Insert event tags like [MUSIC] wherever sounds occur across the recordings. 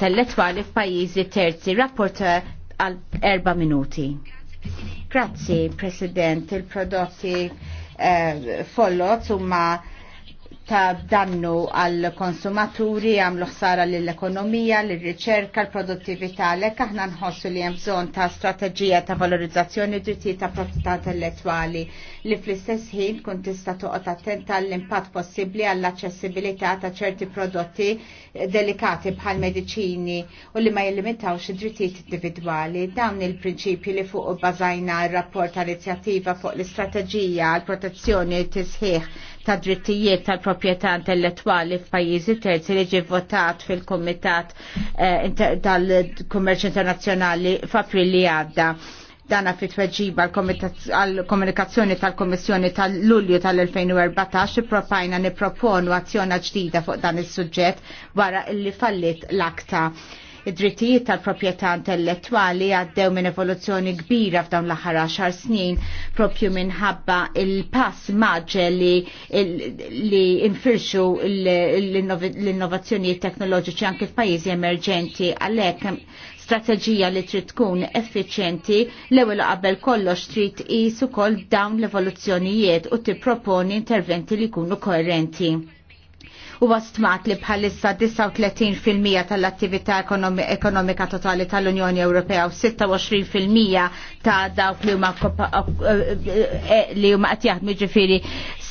tal-etfali f'pajjiżi terzi. Rapport għal erba minuti. Grazie, President. Il-prodotti eh, follot huma ta' dannu għal konsumaturi, għamlu ħsara l-ekonomija, l-riċerka, l-produttività, l aħna nħossu li hemm bżonn ta' strateġija ta' valorizzazzjoni dritti ta' proprjetà intellettwali li fl-istess ħin kun tista' toqgħod attenta għall-impatt possibbli għall-aċċessibilità ta' ċerti prodotti delikati bħal mediċini u li ma jillimitawx id-drittijiet individwali. Dawn il-prinċipji li fuq bażajna r-rapport tal-inizjattiva fuq l-istrateġija għal protezzjoni tisħiħ ta' drittijiet tal-proprjetà intellettwali f'pajjiżi terzi li ġie votat fil-Kumitat eh, tal-Kummerċ Internazzjonali f'April li għadda dan fit tweġiba għal-komunikazzjoni tal-Komissjoni tal-Lulju tal-2014 propajna niproponu azzjona ġdida fuq dan is-suġġett wara li fallit l-akta. Id-drittijiet tal-proprjetà intellettwali għaddew minn evoluzzjoni kbira f'dawn l-aħħar 10 snin propju minħabba il-pass maġġel li, infirxu l-innovazzjonijiet teknoloġiċi anke f'pajjiżi emerġenti għalhekk strateġija li trid tkun effiċjenti l-ewwel qabel kollox trid qis ukoll dawn l-evoluzzjonijiet u tipproponi interventi li jkunu koerenti u stmat li bħalissa 39% tal-attività ekonomika totali tal-Unjoni Ewropea u 26% ta' dawk li huma eh, eh, li huma qed jaħdmu ġifieri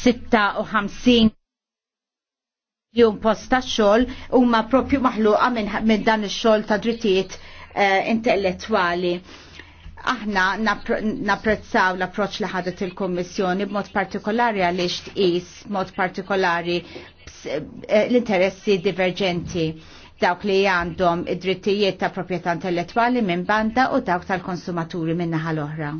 56 jum post ta' xogħol huma propju maħluqa minn dan ix-xogħol ta' drittijiet eh, intellettwali aħna napprezzaw l-approċ li ħadet il-Kommissjoni b'mod partikolari għaliex tqis mod partikolari Eh, l-interessi divergenti dawk li għandhom id-drittijiet ta' proprjetà intellettwali minn banda u dawk tal-konsumaturi minn naħa l-oħra.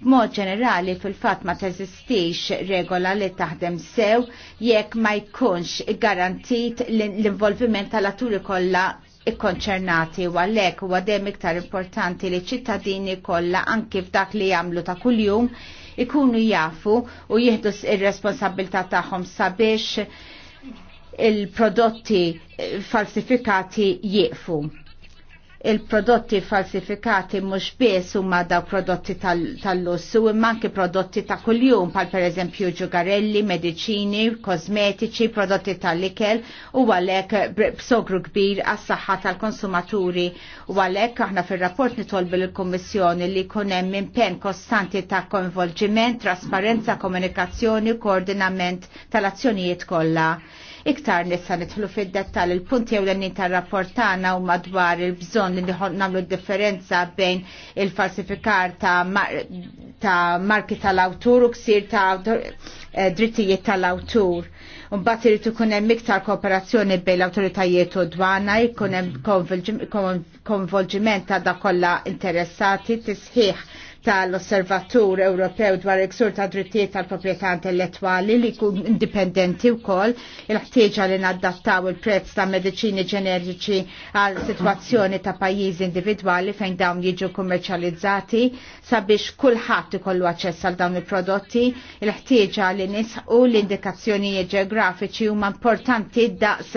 B'mod ġenerali fil-fatt ma teżistix regola li taħdem sew jekk ma jkunx garantit l-involviment tal-atturi kollha ikkonċernati u għalhekk huwa dejjem iktar importanti li ċittadini kollha anki f'dak li jagħmlu ta' kuljum ikunu jafu u jieħdu ir-responsabilità tagħhom sabiex il-prodotti falsifikati jieqfu il-prodotti falsifikati mhux biss huma daw prodotti tal-lussu tal imma anke prodotti ta' kuljum pal pereżempju ġugarelli, medicini, kosmetiċi, prodotti tal-ikel u għalhekk sogru kbir għas-saħħa tal-konsumaturi u għalhekk aħna fir-rapport nitolbu lill-Kummissjoni li jkun hemm impenn kostanti ta' konvolġiment, trasparenza, komunikazzjoni, koordinament tal-azzjonijiet kollha Iktar nissa nidħlu fid-dettal il-punti ewlenin tar rapportana tagħna u madwar il-bżonn li nagħmlu differenza bejn il-falsifikar ta' ta' marki tal-awtur u ksir ta' eh, drittijiet tal-awtur. Mbagħad irid ikun hemm iktar kooperazzjoni bejn l-awtoritajiet u dwana, jkun hemm konvolġiment ta' da kollha interessati tisħiħ tal-Osservatur Ewropew dwar iksur ta' drittijiet tal-proprjetà intellettwali li jkun indipendenti wkoll il-ħtieġa li naddattaw il-prezz ta' mediċini ġeneriċi għal sitwazzjoni ta' pajjiżi individwali fejn dawn jiġu kummerċjalizzati sabiex kulħadd ikollu aċċess għal dawn il-prodotti, il-ħtieġa li nisħu l-indikazzjonijiet ġeografiċi huma importanti daqs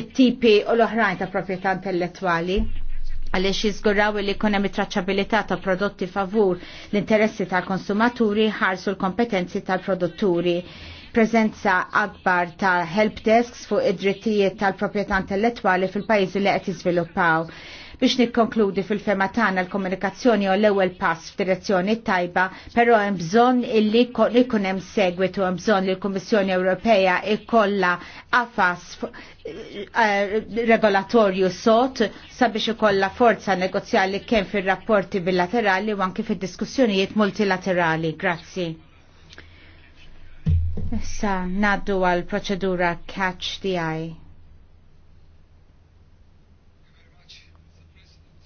it-tipi u l-oħrajn ta' proprjetà intellettwali għaliex jizguraw li kuna mitraċabilità ta' prodotti favur l-interessi tal-konsumaturi ħarsu l-kompetenzi tal-produtturi prezenza akbar ta' help desks fuq id-drittijiet tal-proprjetà intellettwali fil-pajjiżi li qed jiżviluppaw. Biex nikkonkludi fil-fema tagħna l-komunikazzjoni u l-ewwel pass f'direzzjoni tajba, però hemm bżonn illi ikun hemm segwitu, hemm bżonn li l-Kummissjoni Ewropea ikollha afas eh, regolatorju sot sabiex ikollha forza negozjali kemm fir-rapporti bilaterali u anke fid-diskussjonijiet multilaterali. Grazzi. Issa naddu għal proċedura catch the eye.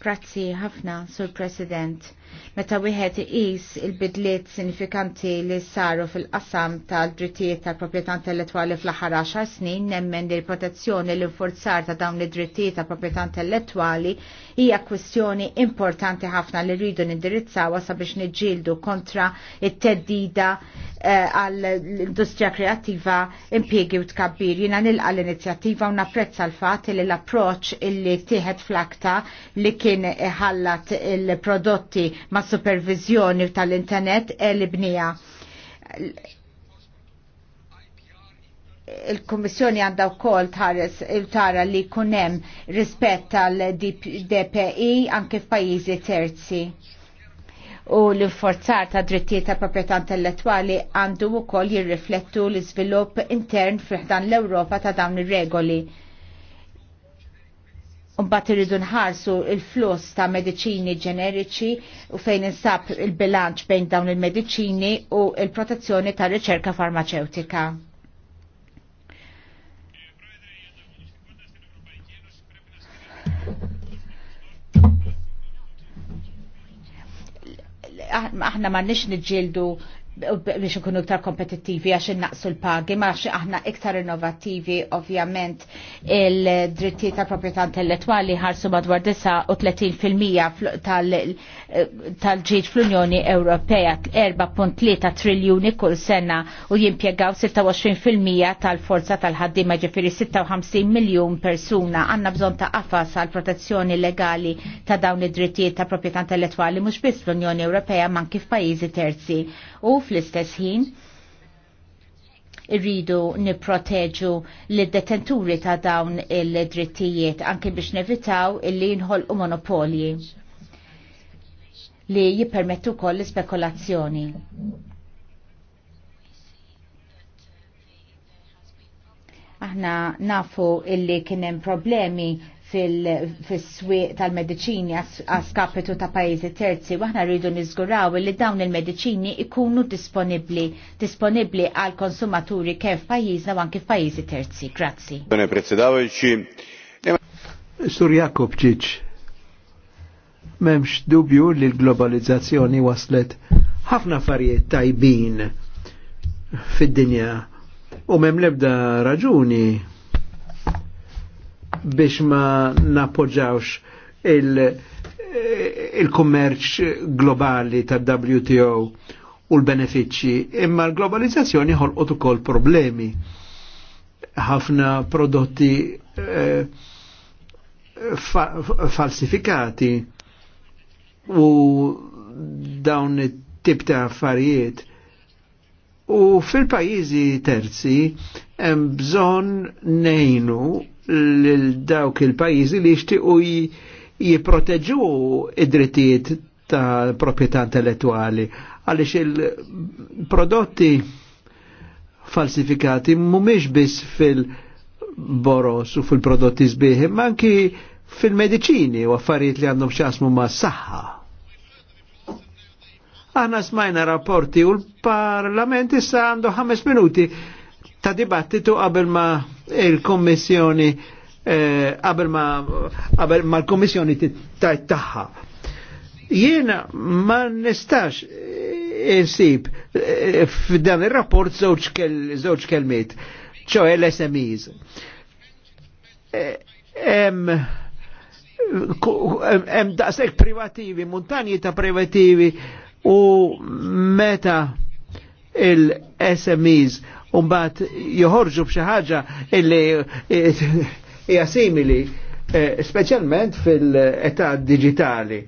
Grazzi ħafna, Sur President. Meta wieħed iqis il-bidliet sinifikanti li saru fil-qasam tal-drittijiet tal-proprjetà intellettwali fl-aħħar 10 snin, nemmen li l-protezzjoni l infurzar ta' dawn id-drittijiet tal-proprjetà intellettwali hija kwistjoni importanti ħafna li rridu nindirizzawha sabiex niġġieldu kontra it-teddida eh, għall industrija kreattiva impiegi u tkabbir. Jiena nilqa l-inizjattiva u napprezza l-fatt li l-approċ illi tieħed fl-akta li kien ħallat il-prodotti ma' supervizjoni tal-internet el-ibnija il-Kommissjoni għandha wkoll tħares il-tara li kunem rispett tal-DPI anke f'pajjiżi terzi. U l-inforzar ta' drittijiet ta' proprjetà intellettwali għandu wkoll jirriflettu l-iżvilupp intern fiħdan l-Ewropa ta' dawn ir-regoli Unbat irridu nħarsu il-flus ta' mediċini ġeneriċi u fejn insab il-bilanċ bejn dawn il-mediċini u il-protezzjoni ta' riċerka farmaceutika. aħna ma nix nġildu biex nkunu iktar kompetittivi għax innaqsu l-pagi, ma xi aħna iktar innovativi ovvjament il-drittijiet ta' proprjetà intellettwali ħarsu madwar 39% tal-ġid fl-Unjoni Ewropea 4.3 triljuni kull sena u jimpjegaw 26% tal-forza tal ħaddima ġifiri 56 miljun persuna għanna bżon ta' qafas għal protezzjoni legali ta' dawn id-drittijiet ta' proprjetà intellettwali mhux biss fl-Unjoni Ewropea man kif pajjiżi terzi. U fl-istess ħin irridu niproteġu l-detenturi ta' dawn il-drittijiet anke biex nevitaw illi nħolqu monopolji li jippermettu koll l-spekulazzjoni. aħna nafu illi kienem problemi fil-swieq tal-medicini għaskapitu ta' pajizi terzi, waħna rridu nizguraw li dawn il-medicini ikunu disponibli, disponibli għal konsumaturi kif pajizna u anki pajizi terzi. Grazzi. Sur Jakob ċiċ, memx dubju li l-globalizzazzjoni waslet ħafna farijiet tajbin fid-dinja u memlebda raġuni biex ma nappoġġawx il-kummerċ il globali tad WTO u l-benefiċċji, imma l-globalizzazzjoni ħolqot ukoll problemi. Ħafna prodotti eh, fa falsifikati u dawn it-tip ta' affarijiet. U fil-pajjiżi terzi hemm bżonn nejnu lil dawk il-pajjiżi li jixtiequ jipproteġu id-drittijiet tal-proprjetà intellettuali għaliex il-prodotti falsifikati mhumiex biss fil-boros u fil-prodotti sbieħ, ma anki fil-mediċini u affarijiet li għandhom x'asmu ma' saħħa. Aħna smajna rapporti u l-Parlament issa għandu ħames minuti ta' dibattitu qabel ma il-Kommissjoni eh, qabel ma qabel ma l-Kommissjoni tagħha. Jiena ma nistax insib eh, f'dan ir-rapport żewġ kelmiet, ċoħe l-SMEs hemm eh, daqshekk privativi, montanji ta' privativi u meta il-SMEs umbat joħorġu b'xi ħaġa illi hija simili, eh, speċjalment fil-età digitali.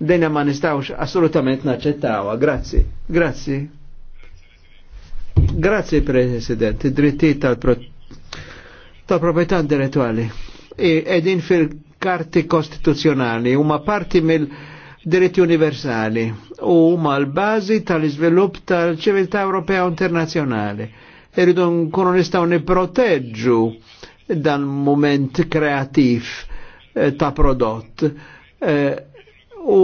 Dejna ma nistawx assolutament naċċettawha. Grazzi, grazzi. Grazzi President, id-drittijiet tal proprietà intellettuali. E, edin fil-karti kostituzzjonali huma parti mill- diritti universali u ma l bazi tal izvilup tal-ċiviltà Ewropea internazzjonali irridu nkunu nistgħu nipproteġġu dan moment kreativ eh, ta' prodott. Eh, u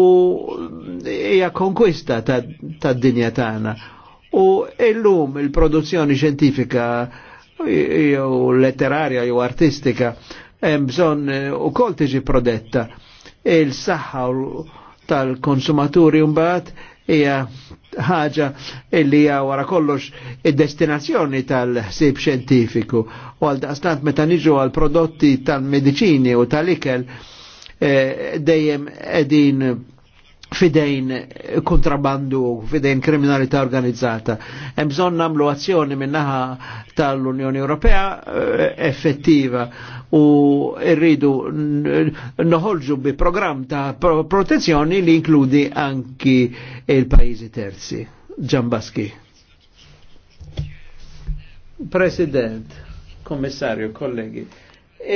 hija konkwista tad dinja tagħna. U illum il-produzzjoni xjentifika jew letterarja jew artistika hemm bżonn eh, ukoll tiġi prodetta. Il-saħħa tal-konsumaturi mbagħad hija ħaġa illi hija wara kollox id-destinazzjoni tal-ħsieb xjentifiku u għal daqstant meta niġu għal prodotti tal-mediċini u tal-ikel eh, dejjem qegħdin fidejn kontrabandu, fidejn kriminalità organizzata. Hemm bżonn nagħmlu azzjoni minnaħa tal-Unjoni Ewropea eh, effettiva u rridu noħolġu bi programm ta' protezzjoni li inkludi anki il-pajjiżi terzi. Ġambaski. President, Kommissarju, kollegi,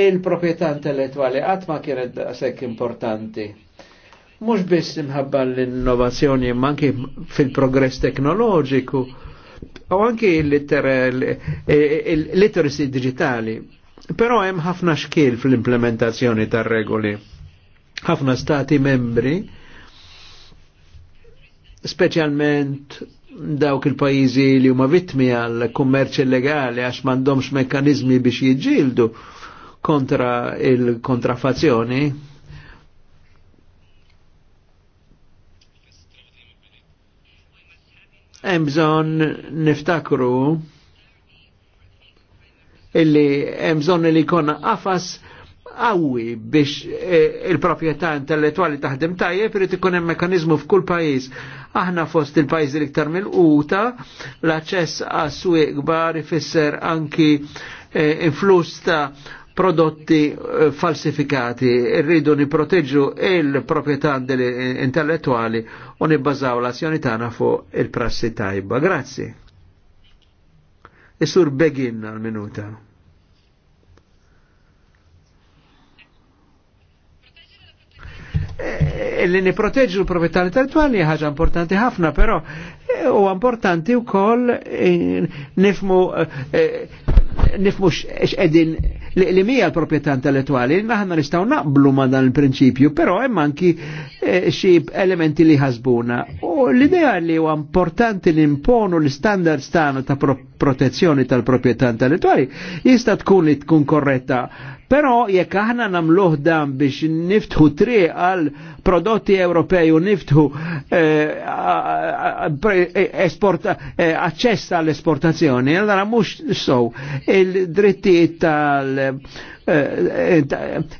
il-proprietà intellettuali għatma kienet sekk importanti mhux biss imħabba l-innovazzjoni imma anke fil-progress teknoloġiku u anki l-literacy digitali. Però hemm ħafna xkil fl-implementazzjoni tar-regoli. Ħafna stati membri specialment dawk il-pajizi li huma vittmi għal kummerċ illegali għax m'għandhomx mekkanizmi biex jiġġieldu kontra il-kontrafazzjoni emżon niftakru illi hemm bżonn li għafas għawi qawwi biex eh, il-proprjetà intellettuali taħdem tajjeb irid ikun hemm mekanizmu f'kull pajjiż. Aħna fost il-pajjiż li iktar mill-quta l-aċċess għas-swieq kbar ifisser anki eh, influss ta' prodotti eh, falsifikati, rridu niproteġu il-proprietà eh, intellettuali u nibbażaw l-azzjoni tagħna fu il-prassi tajba. Grazzi. Isur Begin al minuta E eh, Li niproteġu l-proprietà intellettuali ħaġa importanti ħafna, però u importanti wkoll nifmu nifmu x'qegħdin li mija l propieta intellettuali, naħna nistaw naqblu ma dan il-prinċipju, però hemm anki eh, xi elementi li ħasbuna. U l-idea li huwa importanti li imponu l-standards tagħna ta' protezzjoni tal propieta intellettuali jista' tkun li tkun korretta Pero jekk aħna namluħ dan biex niftħu triq għal prodotti Ewropej u niftħu eh, eh, eh għall esportazzjoni allora mhux sow il-drittijiet tal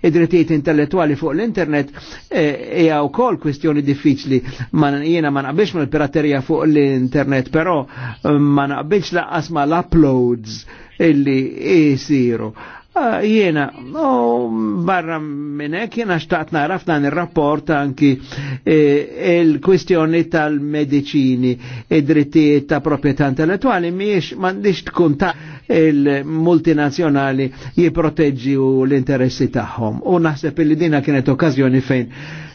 id-drittijiet intellettuali fuq l-internet e, hija wkoll kwistjoni diffiċli. Ma jiena ma naqbilx mill-piraterija fuq l-internet, però ma naqbilx laqqas ma l-uploads illi jisiru. Ah, jena, u barra minnek, jena xtaqt naraf dan il-rapport anki e, il-kwistjoni tal-medicini e drittijiet ta' proprietà intellettuali miex mandiġ tkun ta' il-multinazjonali u l-interessi tagħhom. U naħseb li dina kienet okkazjoni fejn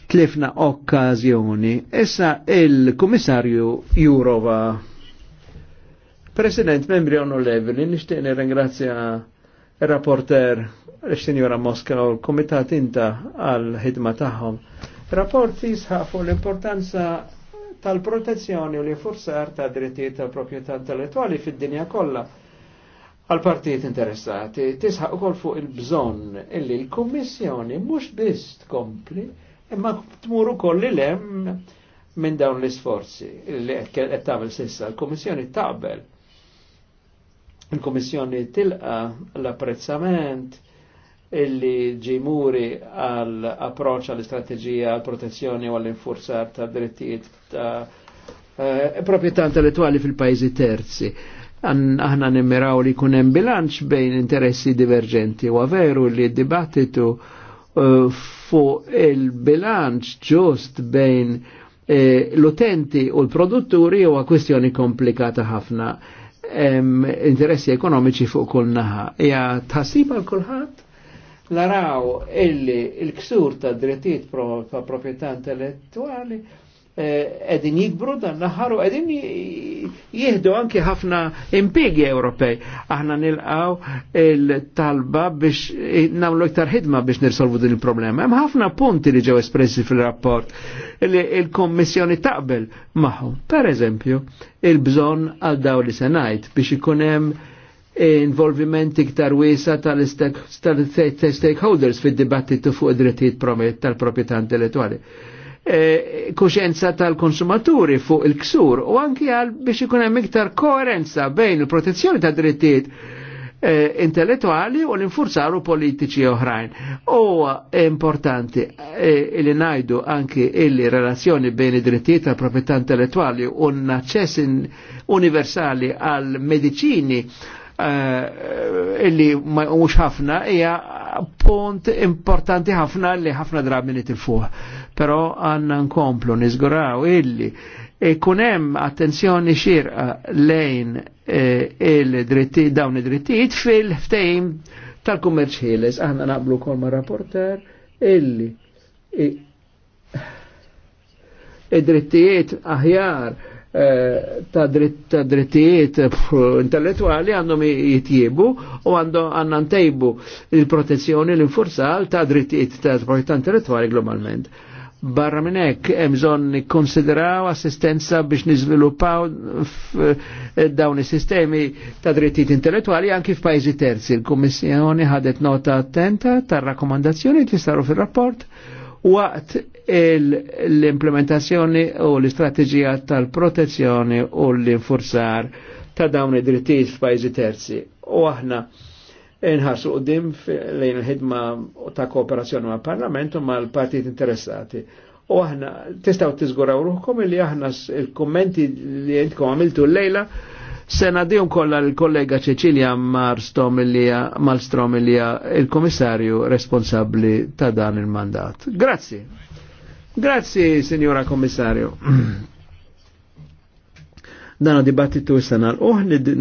tlifna okkazjoni. Issa il-Kummissarju Jurova. President, membri onorevoli, nishtiq ringrazzja rapporter l-Sinjora Mosca u l-Komitat Inta għal-ħidma tagħhom. Rapporti jisħafu l-importanza tal-protezzjoni u l forsar ta' drittijiet tal-proprjetà intellettuali fid-dinja kollha għal partijiet interessati tisħaq ukoll fuq il-bżonn illi l-Kummissjoni mhux biss tkompli imma tmur ukoll li lem minn dawn l-isforzi li qed tagħmel sissa l-Kummissjoni taqbel Il-Komissjoni tilqa l-apprezzament illi ġimuri għal approċ għal istrateġija għal protezzjoni u għal infurzar ta' drittijiet ta' eh, proprietà intellettuali fil-pajzi terzi. Aħna nimmiraw li kunem bilanċ bejn interessi divergenti u għaveru li dibattitu fu eh, fuq il-bilanċ ġust bejn eh, l-utenti u l-produtturi u għakwistjoni komplikata ħafna interessi ekonomiċi fuq kull naħa. Ija tħassib għal kulħadd naraw illi il-ksur ta' drittijiet ta' proprjetà intellettuali edin jikbru dan naħar u edin jihdu anki ħafna impiegi Ewropej. Aħna nilqaw il-talba biex namlu iktar ħidma biex nirsolvu din il-problema. Hemm ħafna punti li ġew espressi fil-rapport li il-Kommissjoni taqbel magħhom. Per eżempju, il-bżonn għal daw li senajt biex ikun hemm involviment iktar wiesa tal-stakeholders fid-dibattitu fuq id-drittijiet tal proprietà intellettuali E, koxenza tal-konsumaturi fuq il-ksur u anki għal biex ikun hemm iktar koerenza bejn il-protezzjoni ta' drittijiet e, intellettuali u l-infurzaru politiċi oħrajn. U importanti e, li najdu anki illi relazzjoni bejn id-drittijiet tal proprjetà intellettuali u n access universali għal medicini illi mhux ħafna hija pont importanti ħafna li ħafna drabi nitilfuħ. Pero għanna nkomplu nizguraw illi e kunem attenzjoni xirqa lejn eh, il-dritti, dawn id-drittijiet fil-ftejm tal-kummerċ ħieles. Aħna naqblu kol ma' rapporter illi id-drittijiet e, aħjar Eh, ta' drittijiet intellettuali għandhom jitjiebu u għandhom għannan tejbu il-protezzjoni l-infurzal ta' drittijiet ta' proprietà intellettuali globalment. Barra minn hekk hemm konsideraw assistenza biex niżviluppaw eh, dawn is-sistemi ta' drittijiet intellettuali anki f'pajjiżi terzi. Il-Kummissjoni ħadet nota attenta tar-rakkomandazzjoni li saru fir-rapport waqt l-implementazzjoni u l-istrateġija tal-protezzjoni u l-infurzar ta' dawn id-drittijiet f'pajjiżi terzi. U aħna nħarsu dim lejn il-ħidma ta' kooperazzjoni mal parlament u mal partit interessati. U aħna tistaw tiżguraw ruħkom li aħna il-kummenti li jentkom għamiltu l-lejla Sena un kolla l-kollega Cecilia Malstrom il-komissarju responsabli ta' dan il-mandat. Grazzi. Grazie, Signora commissario. [CLEARS THROAT] Dan dibattitu s-sanal. Oh,